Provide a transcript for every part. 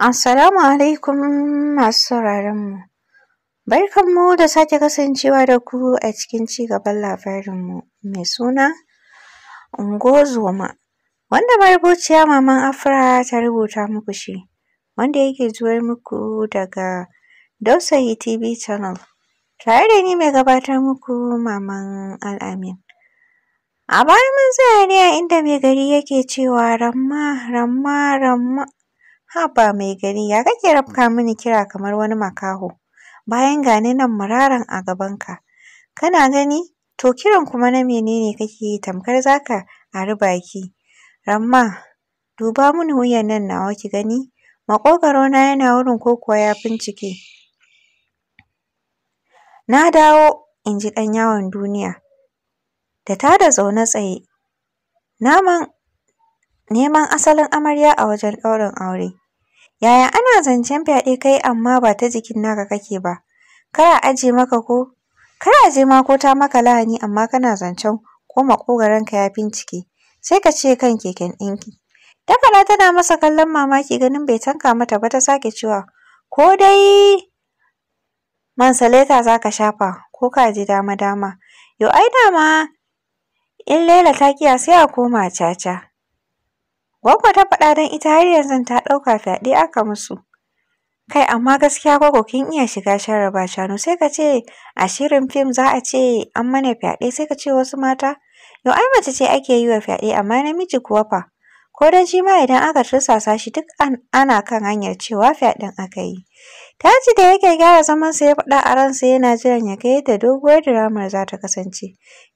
Assalamu alaikum masu sauraron mu. Barkan mu da sake kasancewa da ku a cikin cigaban labarin mu mai suna ungozoma wanda marubuciya Maman Afra ta rubuta muku shi wanda yake zuwar muku daga Dausayi TV Channel tare da ni mai gabatar muku Maman Al'amin. A baya mun tsaya ne a inda mai gari yake cewa ramma ramma ramma Haba mai gari ya kake rabka mini kira kamar wani makaho? Bayan ga ni nan muraran a gabanka. Kana gani? To kiran kuma na menene kake yi tamkar za ka ari baki. Ramma, duba mini wuyan nan nawa ki gani, na yana wurin ko kuwa ya fincike? Na dawo, in ji ɗan yawon duniya, da tada zaune tsaye. Naman neman asalin amarya a wajen ɗaurin aure. Yaya ana zancen fyaɗe kai amma ba ta jikin naka kake ba? Kar a aje maka ko kar aje ma ko ta maka lahani amma kana zancen ko ka ya bincike sai ka ce kan keken ɗinki. Dakala tana masa kallon mamaki ganin bai tanka mata ba ta sake cewa ko dai mansaleta za ka shafa ko ka ji dama-dama. Yo ai dama in Laila ta kiya sai a koma caca. Gwaggo ta faɗa don ita har yanzu ta ɗauka fyaɗe aka musu. Kai amma gaskiya gwaggo kin iya shiga sharaba shanu sai ka ce a shirin fim za a ce an mana fyaɗe sai ka ce wasu mata. Yau ai mace ce ake yi wa fyaɗe amma namiji kuwa fa. Ko da shi ma idan aka tursasa shi duk ana kan hanyar cewa fyaɗen aka yi. Ta ce da yake gyara zamansa ya faɗa a ransa yana jiran ya kai, da doguwar diramar za ta kasance.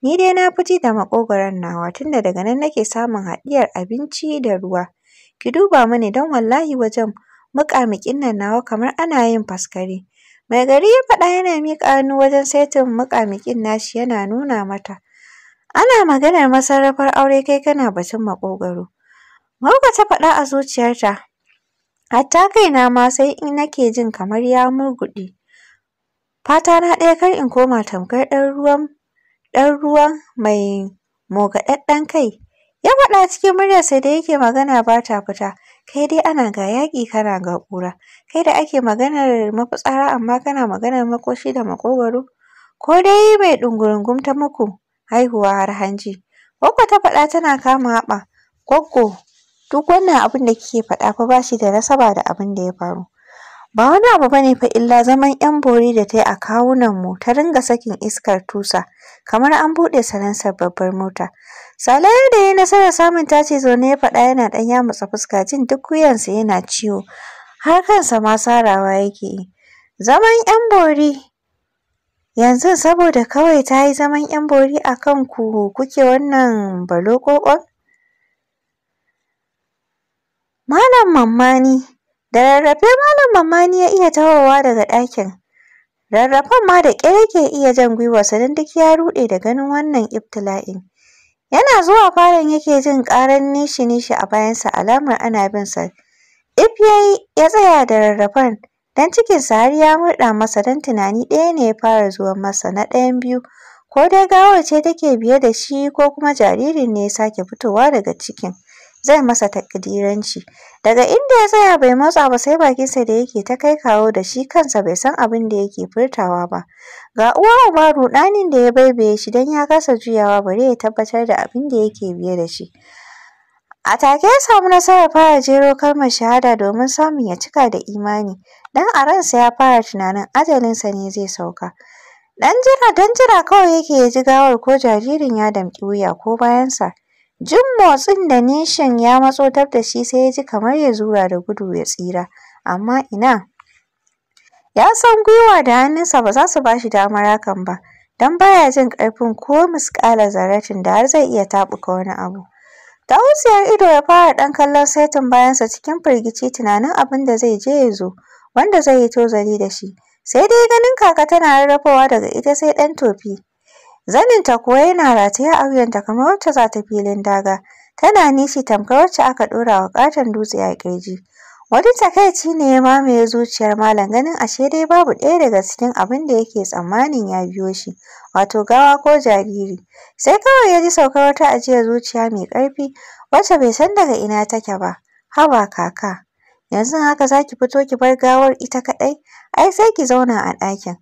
Ni dai na fi ji da maƙogwaron nawa tunda daga nan nake samun haɗiyar abinci da ruwa. Ki duba mani don wallahi wajen muƙamuƙin nan nawa kamar ana yin faskare. Mai gari ya faɗa yana miƙa hannu wajen saitin muƙamuƙin nashi yana nuna mata. Ana maganar masarrafar aure kai kana bacin maƙogwaro. Mauka ta faɗa a zuciyarta hatta kaina ma sai in nake jin kamar ya murguɗe fata na ɗaya kar in koma tamkar ɗan ruwan ɗan ruwan mai mogaɗaɗɗen kai ya faɗa cikin muryarsa da yake magana ba ta fita kai dai ana ga yaƙi kana ga ƙura kai da ake maganar mafitsara amma kana maganar makoshi da maƙogwaro ko dai mai ɗungurungum ta muku haihuwa har hanji gwaggo ta faɗa tana kama haɓa Goggo. duk wannan abin da kike faɗa fa bashi da nasaba da abin da ya faru ba wani abu bane fa illa zaman yan bori da ta yi a kawunan mu ta ringa sakin iskar tusa kamar an buɗe salansar babbar mota salayar da yayi nasarar samun tace zaune ya faɗa yana ɗan yamutsa fuska jin duk wuyansa yana ciwo har kansa ma sarawa yake yi zaman yan bore yanzu saboda kawai tayi zaman yan bori akan ku kuke wannan balokokon Malam Mammani da rarrafe Malam Mammani ya iya tahowa daga ɗakin. Rarrafen ma da ƙyar yake iya jan gwiwarsa don duk ya ruɗe da ganin wannan iftila'in Yana zuwa falon yake jin ƙarar nishi-nishi a bayansa alamar ana bin sa. If ya yi ya tsaya da rarrafen don cikinsa har ya murɗa masa don tunani ɗaya ne ya fara zuwa masa na ɗayan biyu. Ko dai gawar ce take biye da shi ko kuma jaririn ne ya sake fitowa daga cikin. zai masa takdiranci daga inda ya tsaya bai motsa ba sai bakinsa da yake ta kai kawo da shi kansa bai san abin da yake furtawa ba ga uwa Umaru, ɗanin da ya baibaye shi dan ya kasa juyawa bare ya tabbatar da abin da yake biye da shi a take ya samu nasarar fara jero kalmar shahada domin samun ya cika da imani dan a ransa ya fara tunanin ajalinsa ne zai sauka dan jira dan jira kawai yake ya ji gawar ko jaririn ya damƙi wuya ko bayansa Jin motsin da nishin ya matsotar da shi sai ya ji kamar ya zura da gudu ya tsira, amma ina. Ya san gwiwa da hannunsa ba za su ba shi damar hakan ba, don ba ya jin ƙarfin ko misƙalar zaratin da har zai iya taɓuka wani abu. wuciyar ido ya fara ɗan kallon saitin bayansa cikin firgici tunanin abin da zai je ya zo, wanda zai yi tozali da shi. Sai dai ganin kaka tana rarrafowa daga ita sai ɗan tofi. Zanin ta kuwa yana rataye a wuyanta kamar wacce za ta filin daga tana nishi tamkar wacce aka ɗora wa ƙaton dutse a kirji wani takaici ne ya mamaye zuciyar malam ganin ashe dai babu ɗaya daga cikin abin da yake tsammanin ya biyo shi wato gawa ko jariri sai kawai ya ji saukar wata ajiyar zuciya mai ƙarfi wacce bai san daga ina take ba haba kaka yanzu haka za ki fito ki bar gawar ita kaɗai ai sai ki zauna a ɗakin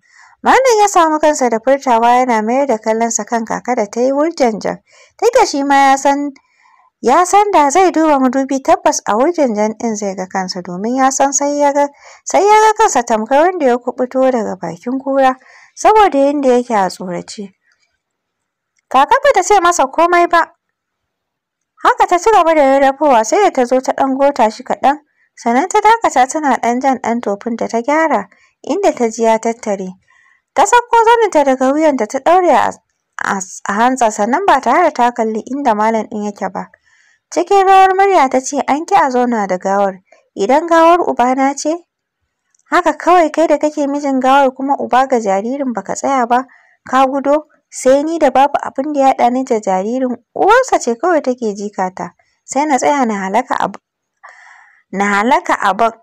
Malam ya samu kansa da furtawa yana mayar da kallonsa kan kaka da ta yi wurjanjan. Duk da shi ma ya san ya san da zai duba madubi tabbas a wurjanjan ɗin zai ga kansa domin ya san sai ya ga sai ya ga kansa tamkar wanda ya kubuto daga bakin kura saboda yadda yake a tsorace. Kaka ba ta ce masa komai ba. Haka ta ci gaba da rarrafowa sai da ta zo ta ɗan gota shi kaɗan sannan ta dakata tana ɗan jan ɗan da ta gyara inda ta ji ya tattare. ta sauko zaninta daga wuyanta ta ɗaure a hantsa sannan ba tare da ta kalli inda malam ɗin yake ba cikin rawar murya ta ce an ki a zauna da gawar idan gawar uba na ce haka kawai kai da kake mijin gawar kuma uba ga jaririn baka tsaya ba ka gudo sai ni da babu abin da ya haɗa ni da jaririn uwarsa ce kawai take jikata sai na tsaya na halaka a na halaka abin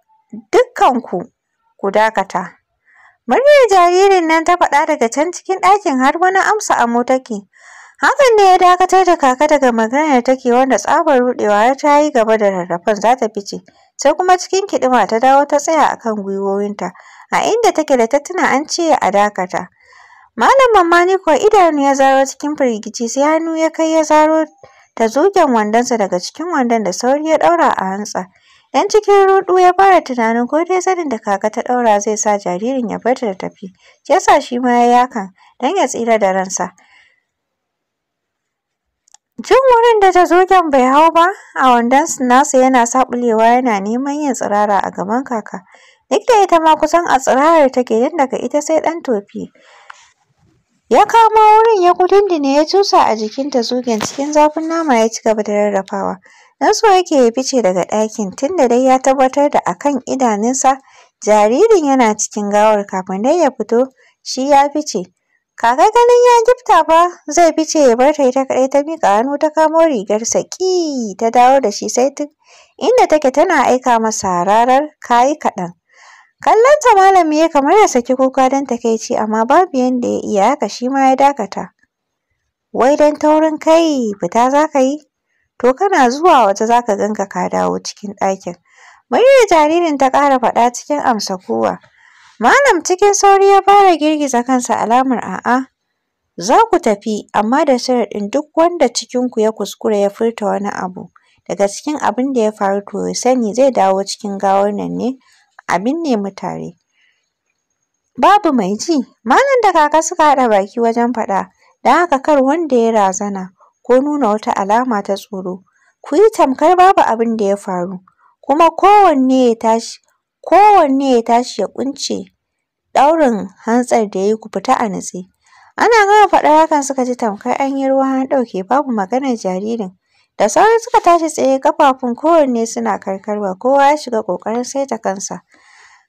dukkanku ku dakata Muryar jaririn nan ta faɗa daga can cikin ɗakin har wani amsa a mota ke. Hakan ne ya dakatar da kaka daga maganar take wanda tsabar ruɗewa har ta yi gaba da rarrafan za ta fice. Sai kuma cikin kiɗima ta dawo ta tsaya a kan gwiwowinta, a inda take da ta tuna an ce a dakata. Malam Mamani kuwa idanu ya zaro cikin firgici sai hannu ya kai ya zaro ta zugen wandonsa daga cikin wandon da sauri ya ɗaura a hantsa. Dan cikin ruɗu ya fara tunanin ko dai zanin da kaka ta ɗaura zai sa jaririn ya barta da tafi. Ya sa shi ma ya yaka, don ya tsira da ransa. Jin wurin da tazogen bai hau ba a wandon nasa yana saɓulewa yana neman yin tsirara a gaban kaka. Duk da ita ma kusan a tsirarar take don daga ita sai ɗan tofi. Ya kama wurin ya ne ya cusa a jikinta tazogen cikin zafin nama ya ci gaba da rarrafawa. don yake ya fice daga ɗakin tun da dai ya tabbatar da akan idanunsa jaririn yana cikin gawar kafin dai ya fito shi ya fice kaka ganin ya gifta fa zai fice ya bar ta ita kaɗai ta miƙa hannu ta kamo rigarsa ƙi ta dawo da shi sai inda take tana aika masa rarar kayi kaɗan Kallonta ta malami ya kamar ya saki kuka don takaici amma babu yadda ya iya haka shi ma ya dakata wai don taurin kai fita za ka yi to kana zuwa waje za ka ganka ka dawo cikin ɗakin. Muryar jaririn ta ƙara faɗa cikin amsa kuwa. Malam cikin sauri ya fara girgiza kansa alamar a'a. Za ku tafi amma da sharaɗin duk wanda cikinku ya kuskura ya furta wani abu daga cikin abin da ya faru to ya sani zai dawo cikin gawar nan ne abin binne mu tare. Babu mai ji, malam da kaka suka haɗa baki wajen faɗa, don haka kar wanda ya razana. ko nuna wata alama ta tsoro. Ku yi tamkar babu abin da ya faru, kuma kowanne ya tashi kowanne ya tashi ya ƙunce ɗaurin hantsar da ya yi ku fita a natse. Ana gama faɗar hakan suka ji tamkar an yi ruwa an ɗauke babu maganar jaririn. Da sauri suka tashi tsaye ƙafafun kowanne suna karkarwa kowa ya shiga ƙoƙarin saita kansa.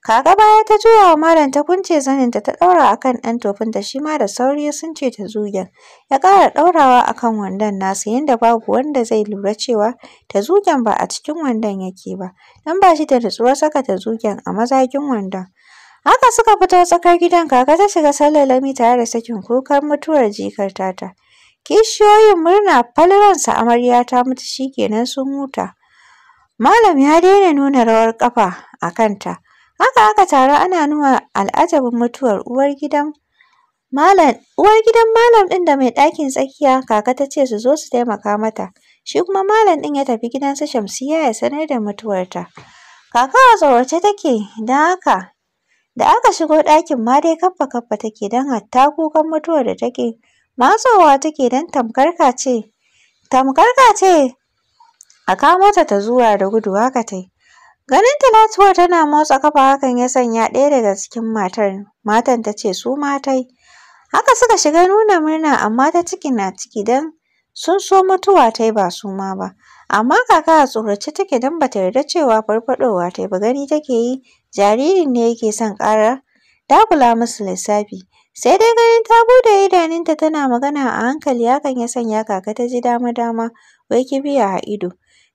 Kaga baya ta juya wa Malam ta kunce zanin ta ta ɗaura a kan ɗan da shi ma da sauri sun ce ta zugen. Ya ƙara ɗaurawa a kan wandon nasa yanda babu wanda zai lura cewa ta zugen ba a cikin wandon yake ba. Don ba shi da nutsuwar saka ta zugen a mazagin wandon. Haka suka fito tsakar gidan kaka ta shiga sallalami tare da sakin kukan mutuwar jikar tata. Kishiyoyin murna sa amarya ta mutu shi sun huta. Malam ya daina nuna rawar ƙafa a kanta. Haka aka taru ana nuna al'ajabin mutuwar uwar gidan malam uwar gidan malam ɗin da mai ɗakin tsakiya kaka ta ce su zo su taimaka mata. Shi kuma malam ɗin ya tafi gidan su Shamsiyya ya sanar da mutuwarta. Kaka a tsorace take don haka da aka shigo ɗakin ma dai kaffa kaffa take don hatta kukan mutuwar da take matsowa take don tamkar kace tamkar kace a kamo ta ta zuwa da gudu haka tai. Ganin Talatuwar tana motsa kafa hakan ya sanya ɗaya daga cikin matar matan ta ce su ma Haka suka shiga nuna murna amma ta ciki na ciki don sun so mutuwa ta yi ba su ma ba. Amma kaka a tsorace take don ba ta yarda cewa farfaɗowa ta ba gani take yi jaririn ne yake son ƙara dagula musu lissafi. Sai dai ganin ta buɗe idanunta tana magana a hankali hakan ya sanya kaka ta ji dama-dama wai ki biya a ido.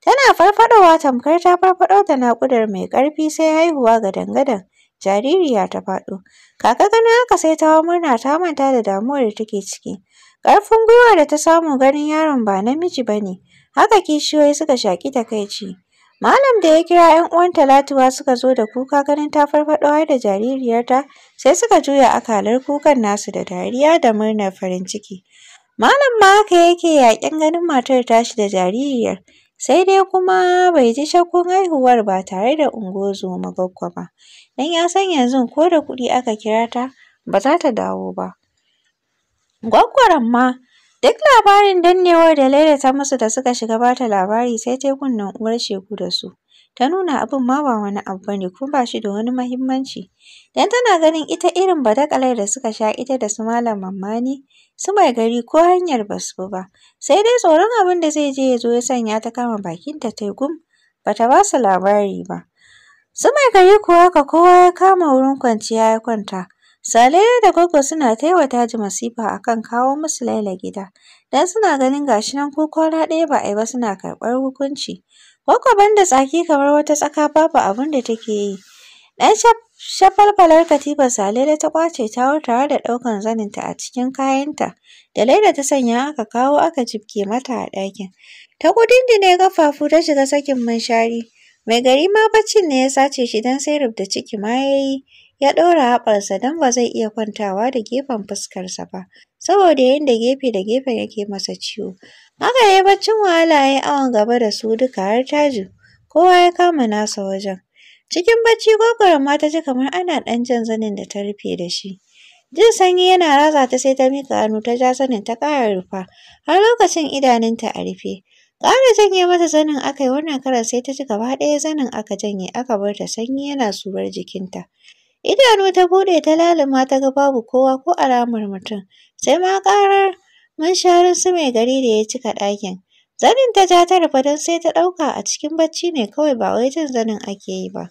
Tana farfaɗowa tamkar ta farfaɗo da naƙudar mai ƙarfi sai haihuwa gadan-gadan. Jaririya ta faɗo. Kaka ganin haka sai ta murna ta manta da damuwar da take ciki. Ƙarfin gwiwa da ta samu ganin yaron ba namiji bane Haka kishiyoyi suka shaƙi takaici. Malam da ya kira 'yan uwan Talatuwa suka zo da kuka ganin ta farfaɗo har da jaririyarta sai suka juya akalar kukan nasu da dariya da murnar farin ciki. Malam ma haka yake yaƙin ganin matar tashi da jaririyar. sai dai kuma bai ji shakkun haihuwar ba tare da ungozoma zoma ba, don ya san yanzu ko da kuɗi aka kira ta ba za ta dawo ba. Gwaggwar amma, duk labarin dannewar da Laila ta musu da suka shiga ba ta labari sai ta yi kunnen uwar shegu da su, ta nuna abin ma ba wani abu ba ne kuma ba shi da wani muhimmanci, don tana ganin ita irin badakalar da suka sha ita da su Malam Mamman su mai gari ko hanyar ba su bi ba sai dai tsoron abin da zai je ya zo ya sanya ta kama bakinta ta yi gum ba ta ba su labari ba su mai gari kuwa haka kowa ya kama wurin kwanciya ya kwanta Salele da Gwaggo suna taiwa ji masifa akan kawo musu Laila gida, Dan suna ganin gashi nan ko kwana ɗaya ba a yi ba suna karɓar hukunci. Gwaggo banda tsaki kamar wata tsaka babu abin da take yi. Ɗan shaf Shafalfalar katifar Salele ta ƙwace ta tare da ɗaukan zaninta a cikin kayanta da Laila ta sanya aka kawo aka jibke mata a ɗakin. Ta kudindine ƙafafu ta shiga sakin munshari. Mai gari ma baccin ne ya sace shi don sai rubda ciki ma ya yi. Ya ɗora haɓarsa don ba zai iya kwantawa da gefen fuskarsa ba, saboda yadda gefe da gefen yake masa ciwo. Haka dai baccin wahala ya yi awon gaba da su duka har taji, kowa ya kama nasa wajen. Cikin bacci gwagwaron mata ji kamar ana ɗan jan zanin da ta rufe da shi. Jin sanyi yana ratsa ta sai ta miƙa hannu ta ja zanin ta ƙara rufa har lokacin idanunta a rufe. Ƙara janye mata zanin aka yi wannan karan sai ta ji gaba ɗaya zanin aka janye aka bar ta sanyi yana surar jikinta. Idanu ta buɗe ta laluma ta ga babu kowa ko alamar mutum sai ma ƙarar munsharin su mai gari da ya cika ɗakin. Zanin ta ja ta rufe don sai ta ɗauka a cikin bacci ne kawai ba wai jin zanin ake yi ba.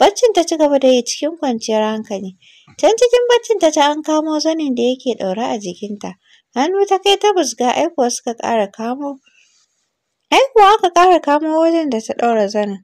Baccin ta ci gaba da yi cikin kwanciyar hankali. Can cikin baccin ta ta an kamo zanin da yake ɗaure a jikinta. Hannu ta kai ta buzga, aikuwa suka ƙara kamo. Aikuwa aka ƙara kamo wajen da ta ɗaura zanin.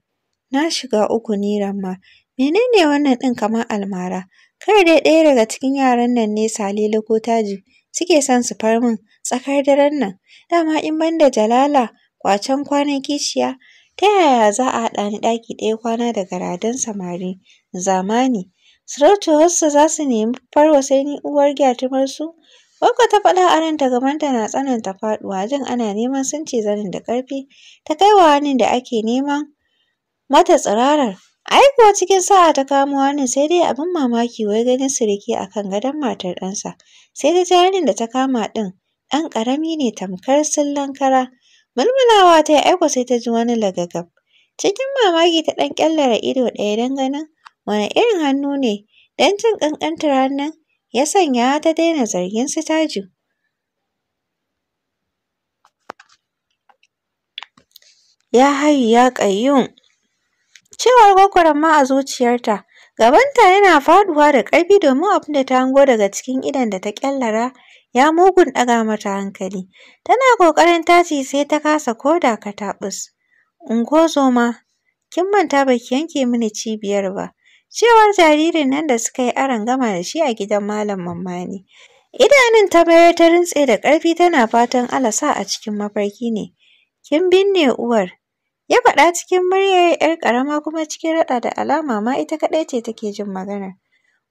Na shiga uku ni ramma. Menene wannan ɗin kamar almara? Kai dai ɗaya daga cikin yaran nan ne Salilu ko Taji suke son su far min. tsakar daren nan dama in ban da jalala kwacen kwanan kishiya ta yaya za a haɗa ni ɗaki ɗaya kwana da garadan samari zamani sarautarwarsu za su nemi farwa sai ni uwar su. Wanka ta faɗa a ranta gabanta na tsananta faɗuwa jin ana neman sunce zanin da ƙarfi ta kai wa wani da ake neman mata tsirarar. Ai kuwa cikin sa'a ta kamo wani sai dai abin mamaki wai ganin siriki a kan gadon matar ɗansa sai ta ja da ta kama ɗin ɗan ƙarami ne tamkar sillan kara. Mulmulawa ta yi aiko sai ta ji wani lagagab. Cikin mamaki ta ɗan ƙyallara ido ɗaya don ganin wane irin hannu ne don jin ƙanƙantar hannun ya sanya ta daina zargin su Taju. Ya hayu ya ƙayyum. Cewar gwagwarma a zuciyarta, gabanta yana faɗuwa da ƙarfi domin abin da ta hango daga cikin idon da ta ƙyallara ya mugun ɗaga mata hankali. Tana ƙoƙarin tashi sai ta kasa koda ko da kataɓus. zoma? kin manta ba ki yanke mini cibiyar ba. Cewar jaririn nan da suka yi aron gama da shi a gidan Malam mamani Idanun ta bayar ta rintse da ƙarfi tana fatan alasa a cikin mafarki ne. Kin binne uwar. Ya faɗa cikin muryar 'yar ƙarama kuma cikin raɗa da alama ma ita kaɗai ce take jin maganar.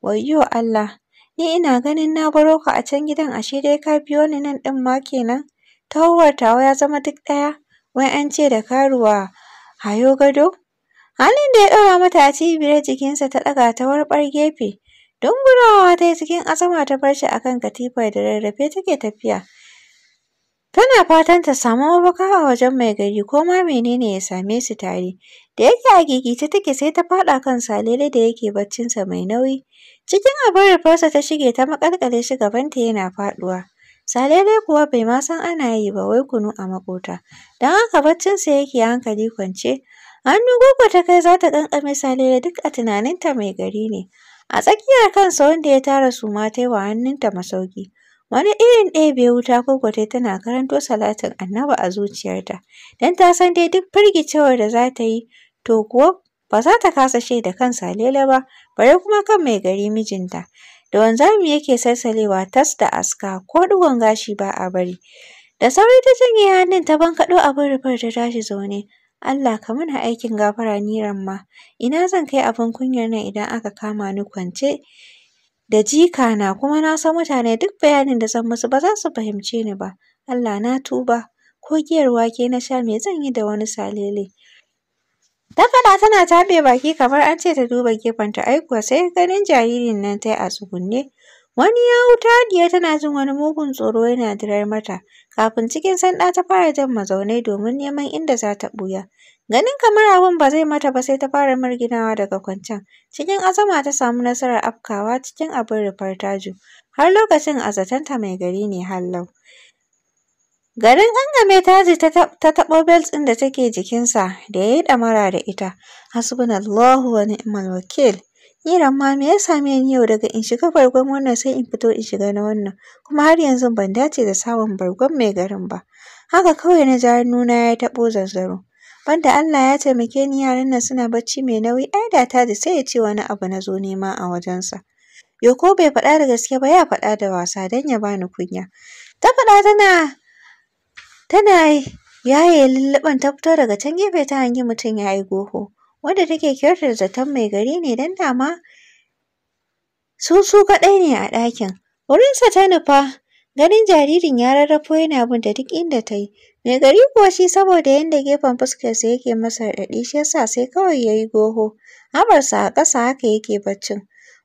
Wayyo Allah! Ni ina ganin na baro ka a can gidan ashe dai ka biyo ni nan ɗin ma kenan. Tahowar tawa ya zama duk ɗaya. Wai an ce da karuwa hayo gado? halin da ya ɗora mata a cibiyar jikinsa ta ɗaga ta warɓar gefe. Dungurawa ta yi cikin azama ta bar shi a kan katifar da rarrafe take tafiya. Tana fatan ta samu mafaka a wajen mai gari ko ma menene ya same su tare. Da yake a gigice take sai ta faɗa kan salele da yake baccinsa mai nauyi. Cikin abin rufarsa ta shige ta maƙalƙale shi gabanta yana faɗuwa. Salele kuwa bai ma san ana yi ba wai kunu a maƙota. Don haka baccinsa yake hankali kwance. Hannu gogo ta kai za ta ƙanƙame Salele duk a tunaninta mai gari ne. A tsakiyar kansa wanda ya tara suma ta yi wa hannunta masauki. Wani irin ɗebe wuta ko ta tana karanto salatin Annabi a zuciyarta. Dan ta san dai duk firgicewar da za ta yi to kuwa ba za ta kasa shaida kan Salele ba, bare kuma kan mai gari mijinta. Da wanzami yake sassalewa tas da aska ko ɗigon gashi ba a bari. Da sauri ta janye hannun ta bankaɗo abin rufar ta tashi zaune. Allah ka mana aikin gafara ni ramma, ina zan kai abin kunyar nan idan aka kama ni kwance da jika na kuma na san mutane duk bayanin da zan musu ba za su fahimce ni ba. Allah na tuba, ko giyar wake na sha me zan yi da wani salele? Ta tana taɓe baki kamar an ce ta duba gefenta ai kuwa sai ganin jaririn nan ta a tsugunne. Wani ya ta haɗiye tana jin wani mugun tsoro yana dirar mata. Kafin cikin sanda ta fara jan mazaunai domin neman inda za ta ɓuya. Ganin kamar abin ba zai mata ba sai ta fara murginawa daga kwancen. Cikin azama ta samu nasarar afkawa cikin abin rufar taju Har lokacin a ta mai gari ne hallau. Garin gangame taji ta taɓo belt ɗin da take jikinsa da ya yi ɗamara da ita. Hasbunallahu wa ni'mal wakil. iran ma me ya same ni yau daga in shiga bargon wannan sai in fito in shiga na wannan. Kuma har yanzu ban dace da samun bargon mai garin ba. Haka kawai na ja nuna ya taɓo zanzaro. Banda Allah ya taimake ni yaran nan suna bacci mai nauyi ai da taji sai ya ce wani abu na zo nema a wajensa. Yoko bai faɗa da gaske ba ya faɗa da wasa don ya bani kunya. Ta faɗa tana Tana yaye lulluɓin ta fito daga can gefe ta hangi mutum ya yi goho, wanda take kyautar zaton mai gari ne don dama su su kaɗai ne a ɗakin. Wurinsa ta nufa, ganin jaririn ya rarrafo yana bin ta duk inda ta yi. Mai gari kuwa shi saboda yadda gefen fuskarsa yake masa raɗaɗi shi yasa sai kawai ya yi goho, haɓarsa a ƙasa haka yake baccin.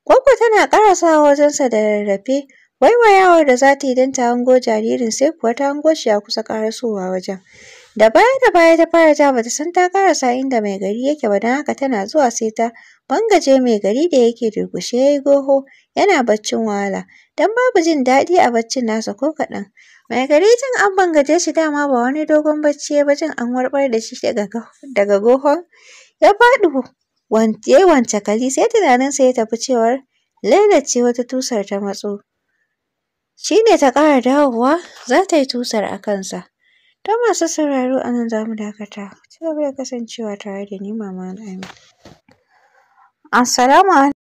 Gwaggo tana ƙarasawa wajensa da rarrafe, Waiwayawar da za ta yi don ta hango jaririn sai kuwa ta hango shi a kusa karasowa wajen. Da baya da baya ta fara ja bata san ta sa inda mai gari yake ba don haka tana zuwa sai ta bangaje mai gari da yake durƙushe ya yi goho yana baccin wahala don babu jin daɗi a baccin nasa ko kaɗan. Mai gari jin an bangaje shi dama ba wani dogon bacci ya ba jin an warɓar da shi daga gohon ya faɗi ya yi wancakali sai tunaninsa ya tafi cewar Laila ce wata tusar ta matso shi ne ta ƙara dawowa za ta yi tusar a kansa. Ta masu sauraro a nan za mu dakata. ci gaba da kasancewa tare da ni Maman Amin. Assalamu